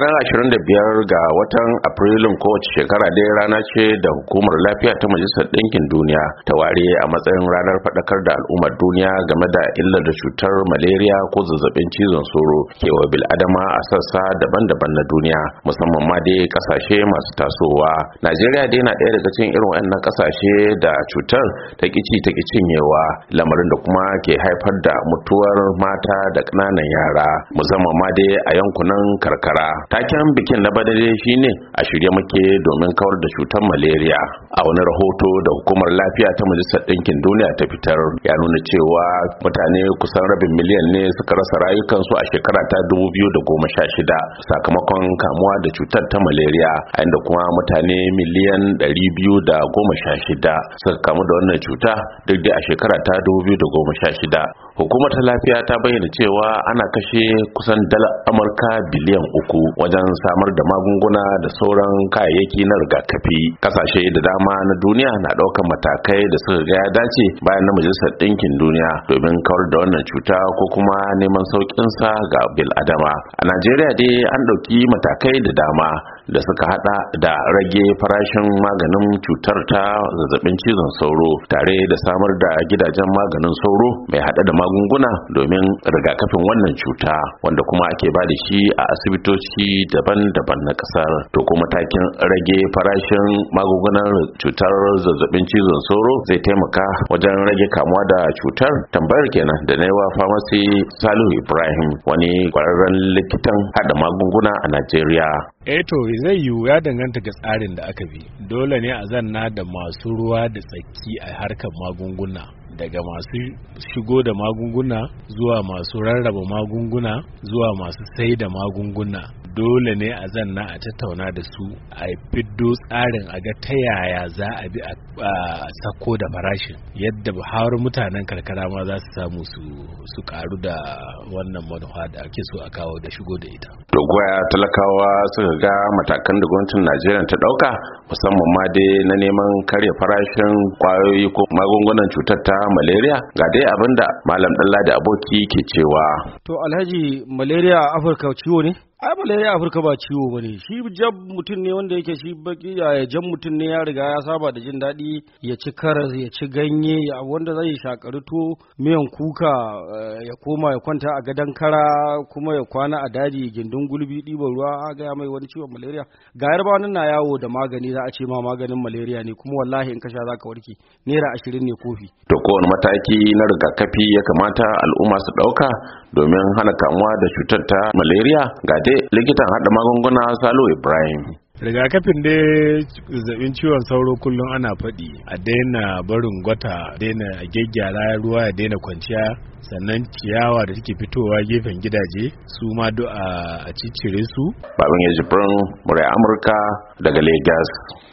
ranar 25 ga watan afrilun kowace shekara dai rana ce da hukumar lafiya ta majalisar ɗinkin duniya ta ware a matsayin ranar faɗakar da al'ummar duniya game da illar da cutar malaria ko zazzabin cizon sauro kewa bil'adama a sassa daban-daban na duniya musamman ma dai ƙasashe masu tasowa najeriya dai na ɗaya daga cikin irin waɗannan ƙasashe da cutar ta ƙici ta cinyewa lamarin da kuma ke haifar da mutuwar mata da ƙananan yara musamman ma dai a yankunan karkara taken bikin na badare shine a shirye muke domin kawar da cutar malaria a wani rahoto da hukumar lafiya ta majalisar ɗinkin duniya ta fitar ya nuna cewa mutane kusan rabin miliyan ne suka rasa rayukansu a shekara ta dubu shida sakamakon kamuwa da cutar ta malaria a inda kuma mutane miliyan 216 biyu suka kamu da wannan cuta duk da a shekara ta dubu hukumar ta lafiya ta bayyana cewa ana kashe kusan dala amurka biliyan uku wajen samar da magunguna da sauran kayayyaki na rigakafi kasashe da dama na duniya na ɗaukar matakai da suka ga ya dace bayan na majalisar ɗinkin duniya domin kawar da wannan cuta ko kuma neman sauƙinsa ga bil adama. a najeriya dai an ɗauki matakai da dama da suka hada da rage farashin maganin cutar ta zazzabin cizon sauro tare da samar da gidajen maganin sauro mai hada da magunguna domin rigakafin wannan cuta wanda kuma ake ba da shi a asibitoci daban-daban na kasar to kuma takin rage farashin magungunan cutar zazzabin cizon sauro zai taimaka wajen rage kamuwa da cutar tambayar kenan da na naiwa famasi salihu ibrahim wani kwararren likitan hada magunguna a najeriya eh to zai yiwu ya danganta ga tsarin da aka bi dole ne a zanna da masu ruwa da tsaki a harkar magunguna daga masu shigo da magunguna zuwa masu rarraba magunguna zuwa masu sai da magunguna dole ne a zanna a tattauna da su a fiddo tsarin a ga ta yaya za a bi a sako da farashin yadda har mutanen karkara ma za su samu su karu da wannan manufa da ake so a kawo da shigo da ita. Dogoya talakawa suka ga matakan da gwamnatin Najeriya ta dauka musamman ma dai na neman karya farashin kwayoyi ko magungunan cutar ta malaria ga dai abinda malam Dalla da aboki ke cewa. To Alhaji malaria Afirka ciwo ne? ai malaria afirka ba ciwo bane shi jab mutum ne wanda yake shi baki ya jan mutum ne ya riga ya saba da jin daɗi ya ci karas ya ci ganye ya wanda zai shakari to miyan kuka eh, ya koma ya kwanta a gadon kara kuma ya kwana a daji gindin gulbi ɗiban ruwa a gaya mai wani ciwon malaria ga yarba na yawo da magani za a ce ma maganin malaria ne kuma wallahi in kasha sha za ka warke naira ashirin ne kofi to kowane mataki na rigakafi ya kamata al'umma su ɗauka domin hana kamuwa da cutar ta malaria ga dai likitan hada magunguna salo ibrahim rigakafin da zazzabin ciwon sauro kullum ana faɗi a daina barin gwata daina gyaggyara ruwa ya daina kwanciya sannan ciyawa da take fitowa gefen gidaje su ma a ciccire su babin ya jibrin murai amurka daga lagos